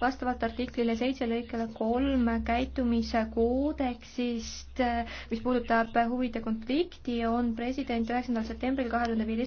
vastavalt artiklile seitse lõikele kolm käitumise koodeksist, mis puudutab huvide konflikti, on president üheksandal septembril kahe tuhande viieteistkümnendal